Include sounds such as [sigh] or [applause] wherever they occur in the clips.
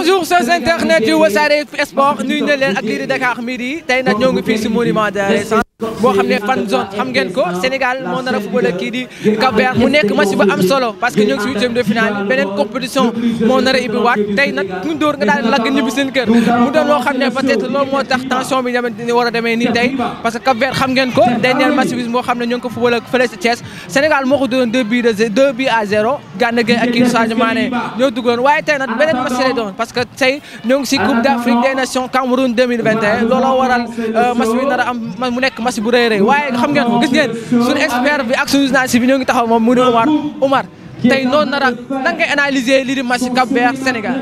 bonjour chers internautes yu Wassare Sport nuyu na leen ak lii di Dakar Midi tey nag ñoo ngi fii si monument de boo xam ne fan zone xam ngeen ko Sénégal moo nar a football kii di cap mu nekk match bu am solo parce que ñoo ngi si huitième de de Nations Cameroun 2021 waral euh, match bi nar am mu nekk match bu rëy rëy waaye xam ngeen ko gis ngeen suñu expert bi ak suñu journaliste bi ñoo ngi taxaw moom mu ni Omar Omar tey noonu na nan ngay analyser lii di match Cap Vert Sénégal.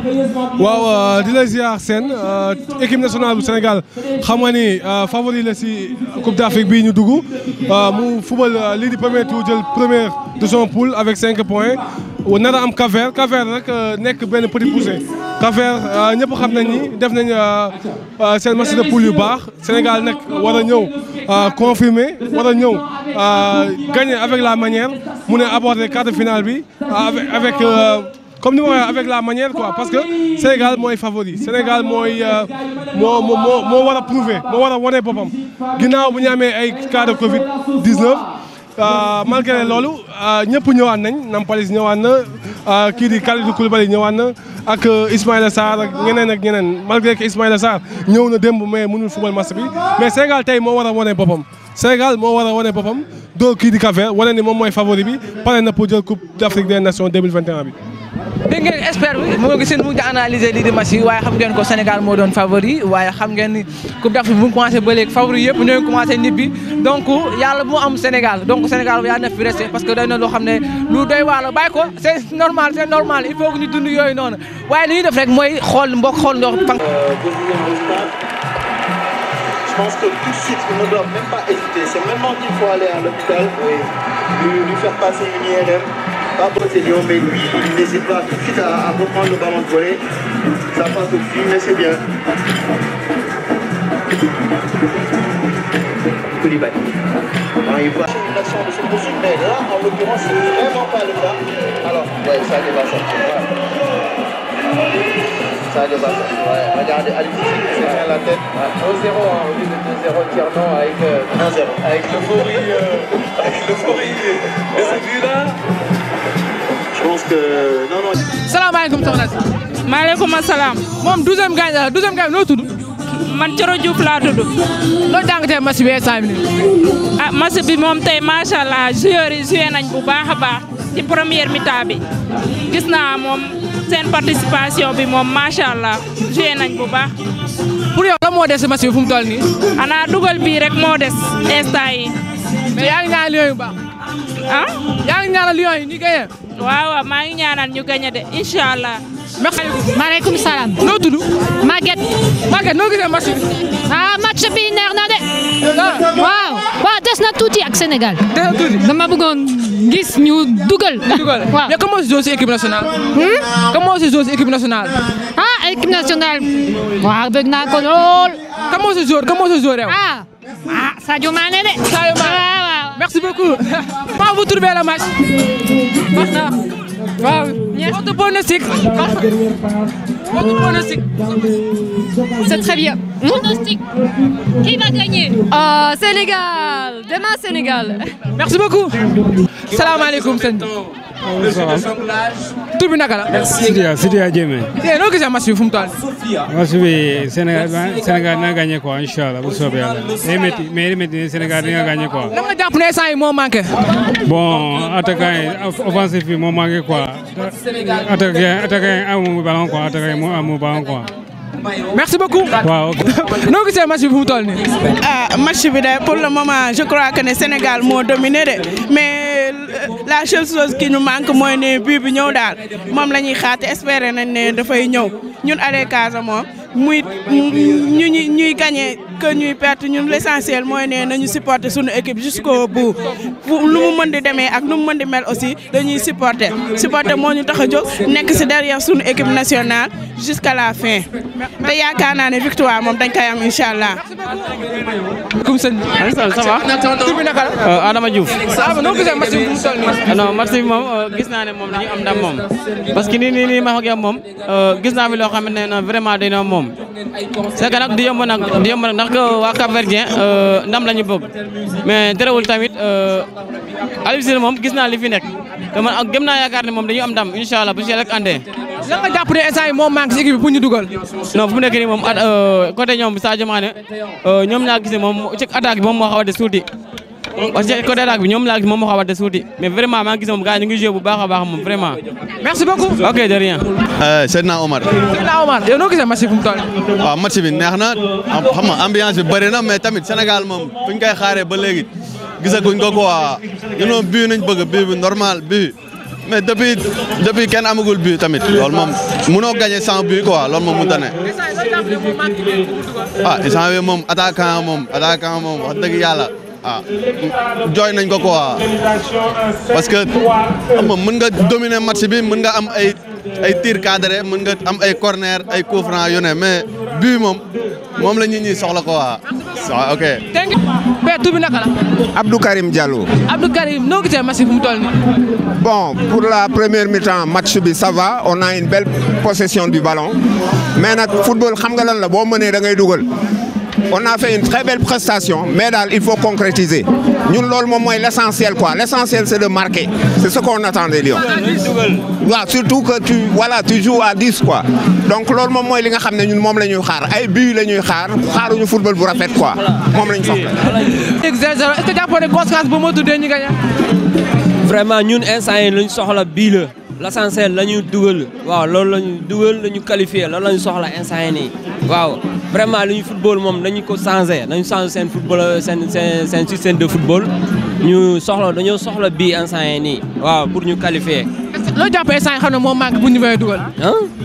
waaw euh, di la ziar seen euh, équipe nationale bu Sénégal xam nga ni euh, favori la si Coupe d'Afrique bii ñu dugg mu fubal lii di premier tour jël première de son poule avec 5 points. nara am Cap-Vert cap nag nekk benn petit poucé cap euh, ñëpp xam nañ ni def nañ euh, euh, seen match de poule yu baax Sénégal nag war a ñëw confirmer war ñëw gagner avec la manière mu ne aborder quart de finale bi avec comme ni ma waxee avec la manière quoi parce que Sénégal mooy favori Sénégal mooy moo moo moo war a prouver moo war a wane boppam ginnaaw bu ñu amee ay cas de Covid 19. Euh, malgré loolu euh, ñëpp ñëwaan nañ Nampalys ñëwaan na euh, kii di Kalidou Koulibaly ñëwaan na ak Ismaïla Sarr ak ak ñeneen malgré que Ismaïla Sarr ñëw na démb mais mënul football match bi mais Sénégal tey moo war a wane boppam Sénégal moo war a wane boppam doo kii di Cap-Vert wane ni moom mooy favori bi pare na pour jël Coupe d'Afrique des Nations bi. dégg ngeen expert bi mu ngi seen mu ngi analyser lii di match yi waaye xam ngeen ko Sénégal moo doon favori waaye xam ngeen ni Coupe d'Afrique bu mu commencé ba léegi favori yëpp ñooy commencé ñibbi donc yàlla bu mu am Sénégal donc Sénégal yaa na fi resté parce que day na loo xam ne lu doy waar la bàyyi ko c'est normal c'est normal il faut que ñu dund yooyu noonu waaye li ñuy def rek mooy xool mbokk xool ndox fan. Euh, je pense que tout de suite, on ne doit même pas hésiter. C'est maintenant qu'il faut aller à l'hôpital et lui, lui faire passer une IRM pas Bottignon, mais lui, il n'hésite pas tout de suite à, à reprendre le ballon de volée. Ça passe au fil, mais c'est bien. Koulibaly. Alors, il voit une action de ce possible, mais là, en l'occurrence, c'est vraiment pas le cas. Alors, ouais, ça débat ça. Ouais. Ça débat ça. Ouais, regardez, allez, c'est bien la tête. 1-0, ouais. hein, au lieu de 2-0 tiers non avec, euh, avec l'euphorie euh, avec l'euphorie euh, de ce but-là. que non non. salaamaaleykum soxna salaam. moom douzième gaynde la douzième noo tudd. man Coro Diouf laa tudd. loo jàngatee match bi instant bi ah bi moom tey macha allah joueurs yi nañ bu baax a baax ci première mi-temps bi gis naa moom seen participation bi moom macha allah joué nañ bu baax. pour yow la moo des si match bi fu mu toll nii. xanaa dugal bii rek moo des instant yi mais yaa ngi ñaanal Lions yu baax. ah yaa ngi ñaanal Lions yi waaw maa ngi ñaanal ñu gagné de incha allah. salaam. noo tudd. Maguette. Maguette noo gisee match bi. ah match neex na de. waaw waaw des na tuuti ak Sénégal. des na tuuti dama bëggoon gis ñu dugal. dugal [laughs] waaw mais comment se joue si équipe nationale. Hmm? comment se ah, naa ko lool. comment se joue comment se joue rew. ah, ah de. merci beaucoup. [laughs] Comment vous trouvez le match waaw. votre pronostic. votre pronostic. C'est très bien. Pronostic. Qui va gagner Ah Sénégal. Demain Sénégal. Merci beaucoup. salaamaaleykum sëñ tur bi naka la. merci Sidia Sidia Diémé. tey noo gisee match bi fu mu toll. match bi Sénégal Sénégal dina bu soobee yàlla day métti mais day métti Sénégal dina gagné quoi. lan nga jàpp ne instant moo manqué. bon attaquant yi offensif moo manqué quoi attaquant attaquant yi amul ballon quoi attaquant yi amul ballon merci beaucoup. [laughs] noo gisee ah, match bi fu mu toll nii. de pour le moment je crois que moo dominé de la seule chose qui nous manque mooy ne bii bi ñëw daal moom la ñuy xaar te espérer ne dafay ñëw ñun allez Casa moom muy ñu ñuy gagné. que ñuy perte ñun l'essentiel mooy ne nañu supporter suñu équipe jusqu'au bout lu mu mën di demee ak nu mu mën di mel aussi dañuy supporter supporter moo ñu tax a jóg nekk si derrière suñu équipe nationale jusqu'à la fin te yaakaar naa ne victoire moom dañ koy am incha allah. kum sëñ bi ça va. tur bi naka la. Adama Diouf. ah non gisee match bi nii. Euh, non match moom euh, gis naa ne moom dañu am ndam moom parce que nii nii nii ma wax ak yow moom euh, gis naa fi loo xamante moom c'est que parce que waa Cap-Verdien euh, ndam la ñu bëgg mais terewul tamit euh, Aliou Cissé moom gis naa li fi nekk te man gëm naa yaakaar ne moom dañu am ndam incha allah bu si rek andee. lan nga jàpp ne instant yii moo ñu dugal. non fu mu nekk nii moom euh, côté ñoom Sadio Mané ñoom ñaa gis moom ci attaque bi moom moo xaw a des parce que côté laag bi ñoom laag bi moom moo xawate suuti mais vraiment maa ngi gis moom gars yi ñu ngi joué bu baax a baax moom vraiment. merci beaucoup ok de rien. Euh, Seydina Omar. Seydina noo gisee match bi mu toll. neex na xam nga ambiance bi bëri na mais tamit senegal moom fu ñu koy xaaree ba léegi gisaguñ ko quoi ñun moom bii nañ bëgg bii bi normal bii. mais depuis depuis kenn amagul but tamit lool moom mënoo gagné sans but quoi loolu moom mënut a ne. ah instant bii moom attaquant moom attaquant moom wax yàlla. ah jooy nañ ko ko waa parce que xam nga mën nga dominer match bi mën nga am ay ay tir cadré mën nga am ay corner ay coup franc yu mais bii moom moom la nit ñi soxla quoi waaw ah, ok. dégg nga tur bi naka la. Abdou Karim Diallo. Abdou Karim noo gisee match bi mu toll nii. bon pour la première mi-temps match bi sava va on a une belle possession du ballon mais nag football xam nga lan la boo mënee da ngay dugal. on a fait une très belle prestation mais daal il faut concrétiser ñun lool moom mooy l' essentiel quoi l' essentiel c' est de marquer c' ce qu'on attendait Lyon waaw surtout que tu voilà tu joues à 10 quoi donc loolu moom mooy li nga xam ne ñun moom la ñuy xaar ay buts la ñuy xaar xaaruñu football bu rafet quoi moom la ñu soxla. est-ce que jàppoo ne conséquence bu ma tuddee ñu gañe vraiment ñun instant yi luñ soxla bii l'essentiel la ñu dugal waaw loolu la ñu dugal la ñu qualifié la ñu soxla instant yi nii waaw vraiment li ñu football moom dañu ko changé nañu changé seen football seen seen seen de football ñu soxla dañoo soxla bii instant yi nii waaw pour ñu qualifier. loo jàpp instant yi moo manqué ku ñu koy dugal.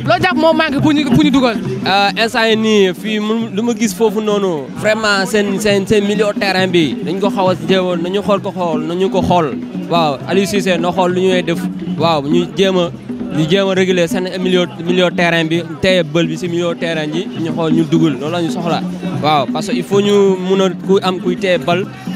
loo jàpp moo manqué pour ñu ñu dugal. Ah, instant yi nii fii lu ma gis foofu noonu. vraiment seen seen seen milieu terrain bi dañ ko xaw a jéemoon nañu xool ko xool nañu ko xool waaw Aliou Cissé na xool lu ñuy def waaw ñu jéem a ñu jéem a réguler seen milieu milieu terrain bi te bël bi si milieu terrain ji ñu xool ñu dugal loolu la ñu soxla waaw parce que ñu mun a ku am kuy téye bal.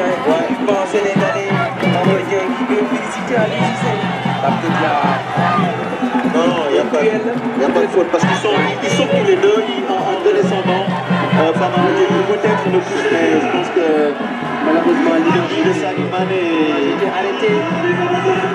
Américain, par Sénégalais, on revient qui veut féliciter Ali Cissé. Parce qu'il y a. Non, il n'y a, pas de faute. Parce qu'ils sont, ils sont tous les deux en, deux descendants. Euh, peut-être le plus, mais je pense que malheureusement, l'idée de Salimane est arrêtée.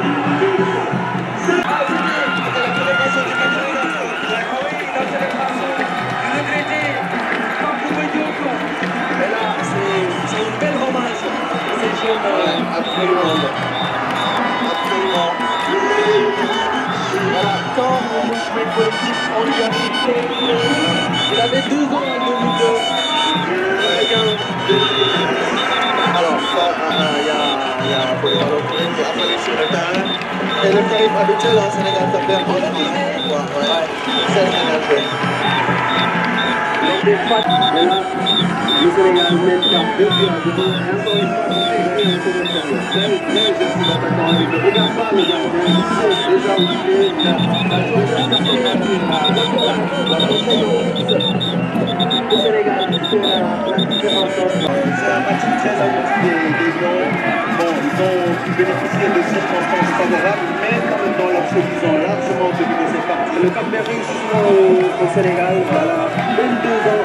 Il avait 12 ans en 2002. Alors, euh, euh, il y a, il y a Polivalo qui est appelé sur le terrain. Et le tarif habituel en Sénégal s'appelle Bondi. Ouais, ouais. C'est le Sénégal. Les défaites, le Sénégal mène par 2 buts à 0. Encore une fois, c'est joué en seconde période. Même, même si l'attaquant ne regarde pas le gardien, ils sont déjà occupés. La changement d'appréhension, d'accord, la Le Sénégal sur la différence. C'est un match très abouti des, des Lions. Bon, ils ont bénéficié de circonstances favorables, mais quand même dans l'absolu, ils ont largement dominé cette partie. Le Cameroun au, au Sénégal, voilà, 22 ans.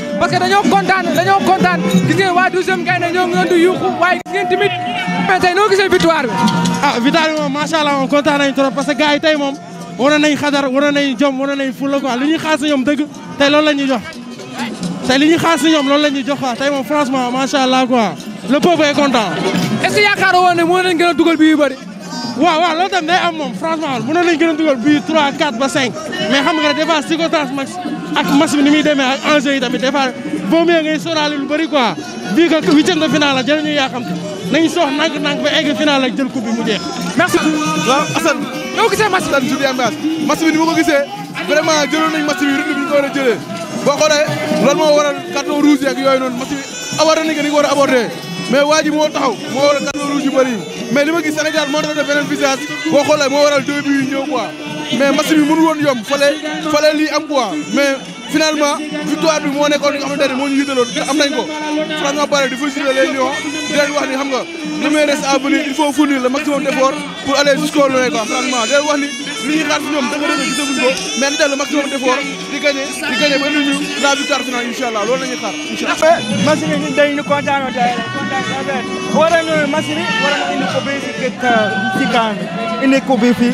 parce que dañoo kontaan dañoo kontaan gis ngeen waa douzième Gaïndé ñoo ngi yuuxu waaye gis ngeen tamit mais tey noo gisee victoire bi. ah victoire moom macha allah moom kontaan nañu trop parce que gars yi tey moom wane nañu xadar wane nañu jom wane nañu fulla quoi li ñuy xaar si ñoom dëgg tey loolu la ñuy jox. tey li ñuy xaar si ñoom loolu la ñuy jox quoi tey moom franchement macha allah quoi le peuple est content. est ce que yaakaaroo woon ne mën dugal bi yu waaw waaw loolu tamit am moom franchement mënoon nañu gën a dugal bii 3 4 ba 5 mais xam nga des fois circonstance max ak match bi ni muy demee ak enjeu yi tamit des fois boo mee ngay sóoraale lu bëri quoi bii que huitième de finale la jëlee ñu yaaxam nañu soox nànk-nànk ba egg finale ak jël coupe bi mu jeex. merci. waaw Assane. yow gisee match bi. Assane Julien Bass ma ko nañu match bi rythme bi ñu ko war a jëlee boo moo waral carton rouge yeeg yooyu noonu match bi abordé nañu waa ji moo taxaw moo waral carton rouge yu mais li ma gis Sénégal moo doon def beneen visage boo xoolee moo waral deux buts yi ñëw quoi mais match bi mënu woon yomb lii am quoi mais finalement victoire bi moo nekkoon li moo ñu yitaloon te am nañ ko franchement di féliciter les Lions di leen wax nga le meilleur reste à venir il faut fournir le maximum d'effort pour aller jusqu'au loin quoi franchement di leen wax ni li ñuy xaar si ñoom dëgg dëgg gisaguñ ko mais di di gagner di gagner ba waɗano masiri waɗano inde ko ɓe sikketta euh, sikkano inde ko ɓe fi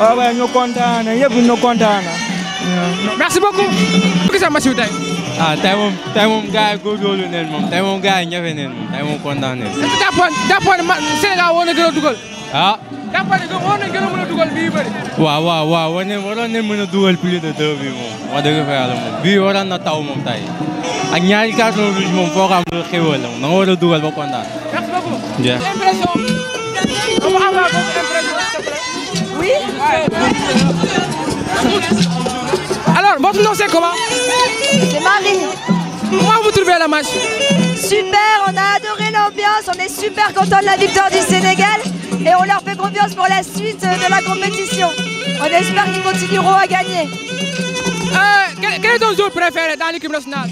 wawa no contana yeɓi no contana merci beaucoup gisa masiri tay ah tay moom tay moom gars yi góorgóorlu neen moom tay moom gars yi ñafe neen moom tay moom kontaan neen jàppoon jàppoon Sénégal woo na gën a dugal ah jàppale ko waroon nañ gën a mën a dugal bii bëri. waaw waaw waaw war nañ waroon nañ mën a dugal plus de deux bi moom wax dëgg fa yàlla moom bii waroon na taw moom tay ak ñaari carton rouge moom foo ko am lu xéwal la moom da nga war a dugal ba kontaan. merci beaucoup. jeex. impression. comme am naa boobu impression s'il te plaît. oui. alors votre nom c'est comment? C'est Marine. Comment vous trouvez le match? Super, on a adoré l'ambiance, on est super content de la victoire du Sénégal et on leur fait confiance la suite euh, de la compétition. On espère qu'ils continueront à gagner. Euh, est ton joueur préféré dans l'équipe nationale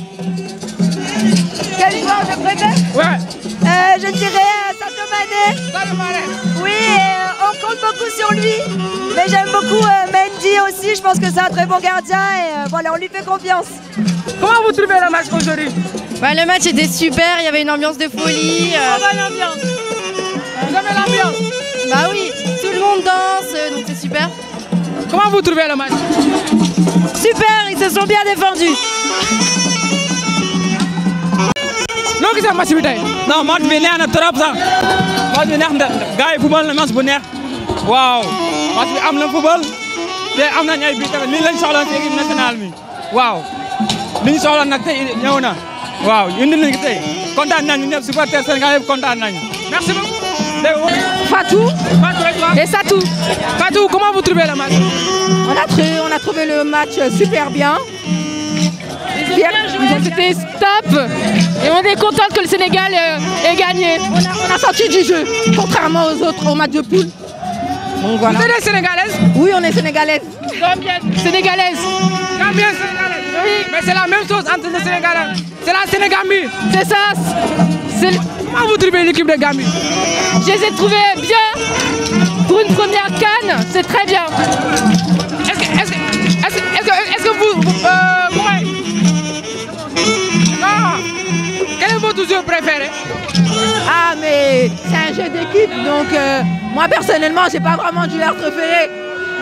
Quel joueur je préfère Ouais. Euh, je dirais euh, Sadio Mané. Oui, euh, on compte beaucoup sur lui. Mais j'aime beaucoup Mendy aussi. Je pense que c'est un très bon gardien. Et voilà, on lui fait confiance. Comment vous trouvez le match aujourd'hui Le match était super. Il y avait une ambiance de folie. Une bonne ambiance. Vous avez l'ambiance Bah oui, tout le monde danse, euh, donc c'est bi tey. non match bi neex na trop sax match bi neex na gars yi na match bu neex waaw match bi am na football te am na ay bi tamit lii lañ soxla na équipe nationale bi waaw li ñu soxla nag tey ñëw na waaw indi nañ ko tey kontaan nañu ñëpp supporter Sénégal yëpp kontaan nañu merci beaucoup. Fatou. Et Satou. Fatou, comment vous trouvez le match on a, trouvé, le match super bien. C'était top et on est content que le Sénégal euh, gagné. On a, sorti du jeu, contrairement aux autres au match de poule. Donc, voilà. Oui, on est Sénégalaises. Gambiennes. c'est la même chose entre les C'est la Sénégambie. C'est ça. Comment vous trouvez l'équipe de Gambie Je les ai trouvés bien. Pour une première canne, c'est très bien. Est-ce que, est est est que, vous... vous euh, pourrez... ah, quel est votre jeu préféré Ah, mais c'est un jeu d'équipe, donc euh, moi personnellement, j'ai pas vraiment du leur préféré.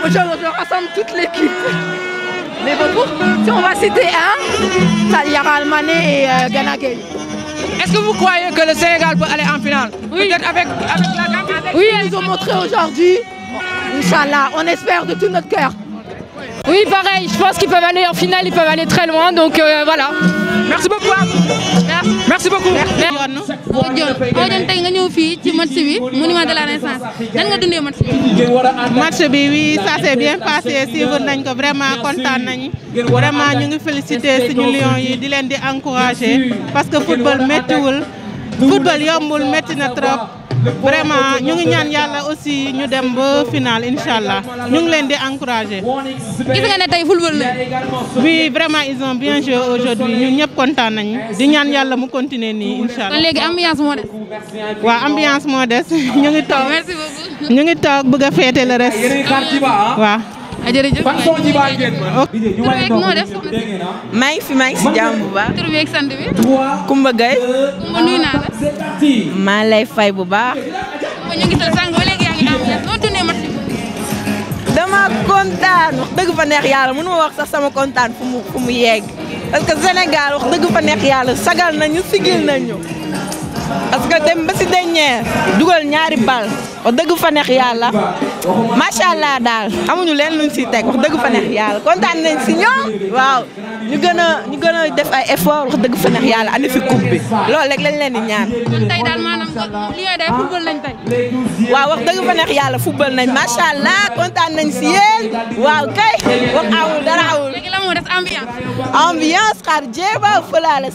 Moi, je, je rassemble toute l'équipe. Mais bon, si on va citer un, il y aura Almané et euh, Ganagay. est-ce que vous croyez que le Sénégal peut aller en finale Oui. Peut-être avec, avec la campagne Oui, ils ont montré aujourd'hui. Inch'Allah, on espère de tout notre cœur. Oui, pareil, je pense qu'ils peuvent aller en finale, ils peuvent aller très loin, donc euh, voilà. Merci beaucoup. Merci. merci beaucoup. yoon nga ñëw fii ci match bi monument de la renaissance nan nga bi. match bien passé suivre nañ ko vraiment kontaan nañ vraiment ñu ngi féliciter suñu lion yi di leen di encourager parce que football méttiwul football yombul métti na trop. vraiment ñu ngi ñaan yàlla aussi ñu dem ba final incha allah ñu ngi leen di encouragé. gis nga ne tey football la. oui vraiment ils ont bien joué aujourd'hui ñun ñëpp kontaan nañu di ñaan yàlla mu continuer nii incha allah. kon léegi ambiance moo des. waaw ambiance moo des [laughs] ñu ngi toog. merci beaucoup ñu ngi toog bëgg a féete le reste. Ah, jërëjëf ah. maa ngi fi maa ngi si jàmm bu baax. tur beeg sant bi. Kumba Gaye. maa lay fay bu baax. Kumba ñu ngi sa sànq ba léegi dama kontaan wax dëgg fa neex yàlla mënu ma wax sax sama kontaan fu mu fu mu yegg parce que Sénégal wax dëgg fa neex yàlla sagal nañu sigil nañu. parce que dem ba si dernier dugal ñaari bal wax dëgg fa neex yàlla macha allah daal amuñu leen luñ si teg wax dëgg fa neex yàlla kontaan nañ si ñoom waaw ñu gën a ñu gën a def ay effort wax dëgg fa yàlla andi fi coupe bi loolu leen di ñaan. kon tey daal maanaam li day football nañ tey. waaw wax dëgg fa yàlla football nañ macha allah kontaan si yéen waaw kay wax awul dara awul. moo def ambiance. ambiance xaar jéeba fëlaale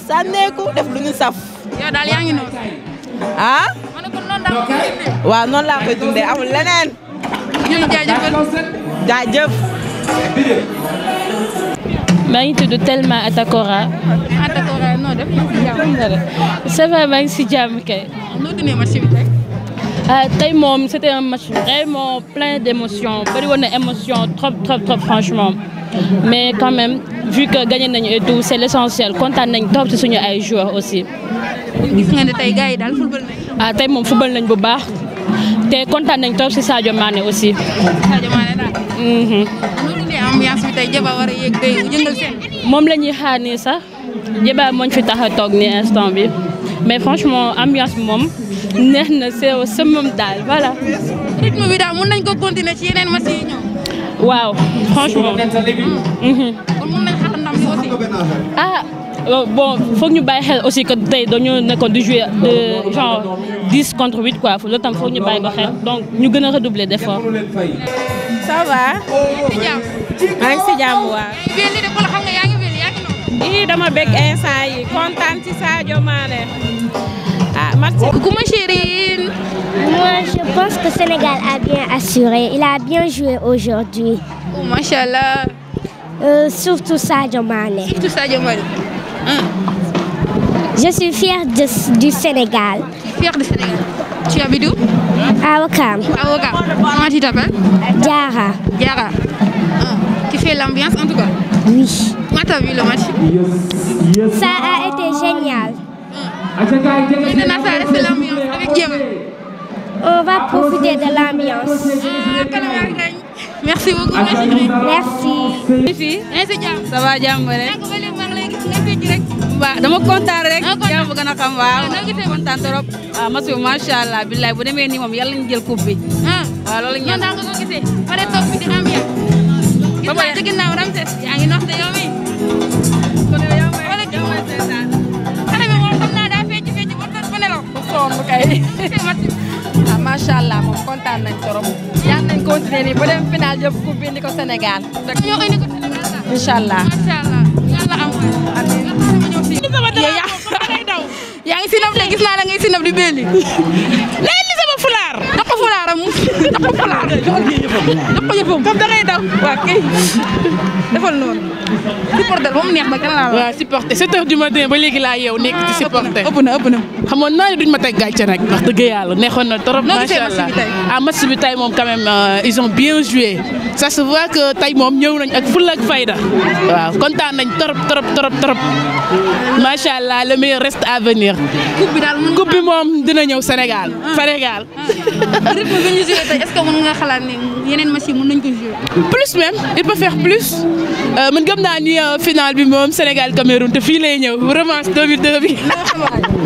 def lu ñu saf. yow daal yaa ngi noonu. ah. ma ne laa koy dundee. waaw amul leneen. ñuy jaajëfal. maa ngi tudd Telma Atakora. Atakora noo def. ça va maa Euh, tey moom c'était un match vraiment plein d'émotions bëri woon na émotion trop trop trop franchement mais quand même vu que gagné nañu et c'est l'essentiel kontaan nañ trop ci suñu ay joueurs aussi. gis ngeen ne tey gars yi daal ah tey moom football nañ bu baax te kontaan nañ trop ci Sadio Mané aussi. Mhm. a yegg tey moom la ñuy xaar nii sax Jaba mooñ fi tax a toog nii instant bi mais franchement ambiance bi moom neex na c'est summum daal voilà. rythme bi daal mën nañ ko continuer ci yeneen match yi ñëw. waaw franchement. kon mhm. mën nañ xaar ndam li aussi. ah bon foog ñu bàyyi xel aussi que tey dañoo nekkoon di jouer de genre dix contre huit quoi loolu tam foog ñu bàyyi ko xel donc ñu gën a redoubler d'effort. ça va. maa ngi si jàmm waaw. ii dama bëgg instant yi ah, ma chérie. je pense que Sénégal a bien assuré. Il a bien joué aujourd'hui. Oh, machallah. Euh, surtout Sadio Mané. Surtout Sadio Mané. Hum. Je suis fière du Sénégal. Fière du Sénégal. Tu habites où? À Ouakam. À Ouakam. Comment tu t'appelles? Diara. Diara. Hum. Tu fais Oui. Comment t'as vu le match Ça a été génial. Ah, Maintenant, ça reste l'ambiance avec Dieu. On va profiter de l'ambiance. Ah, merci beaucoup ah, merci. merci. ça va jàmm rek. waaw dama kontaan rek. jàmm gën a xam waaw. kontaan trop. waaw match bi macha allah billahi bu demee nii moom yàlla ñu jël coupe bi. waaw loolu la ñu. ñu ngi ci ginnaaw Ramses yaa ngi nox de yow mii. kon yow yaa may yaa may seetaan. xale bi moom xam naa daa fecc fecc ba tas ba nelaw. bu sonn kay. ah macha allah moom kontaan nañ trop. yàlla nañ continuer nii ba dem final jëf ku bindi ko Sénégal. ñoo indi ko Sénégal sax. incha allah macha allah yàlla am amiin. yaa ngi si nopp de gis naa da ngay si nopp di béeli. [laughs] fulaaram jox ko fulaar jox ko yëfam comme da ngay daw waaw kay defal supporter ba mu neex nag la waaw supporter 7 heures ba léegi laa yeew nekk ci supporter ëpp na ëpp na xamoon naa ne duñ ma teg gàcce nag wax dëgg yàlla neexoon na trop macha allah ah match bi tey moom quand même ils ont bien joué ça se voit que tey moom ñëw nañ ak fulla ak fayda waaw kontaan nañ trop trop trop trop le meilleur reste à venir coupe dina ñëw Sénégal Sénégal rythme bi ñu joué tey est-ce que mën nga xalaat ne yeneen machine mën nañ ko joué. plus même il peut faire plus euh, man gëm naa euh, final bi moom senegal Cameroun te fii lay ñëw revanche 2002 bi.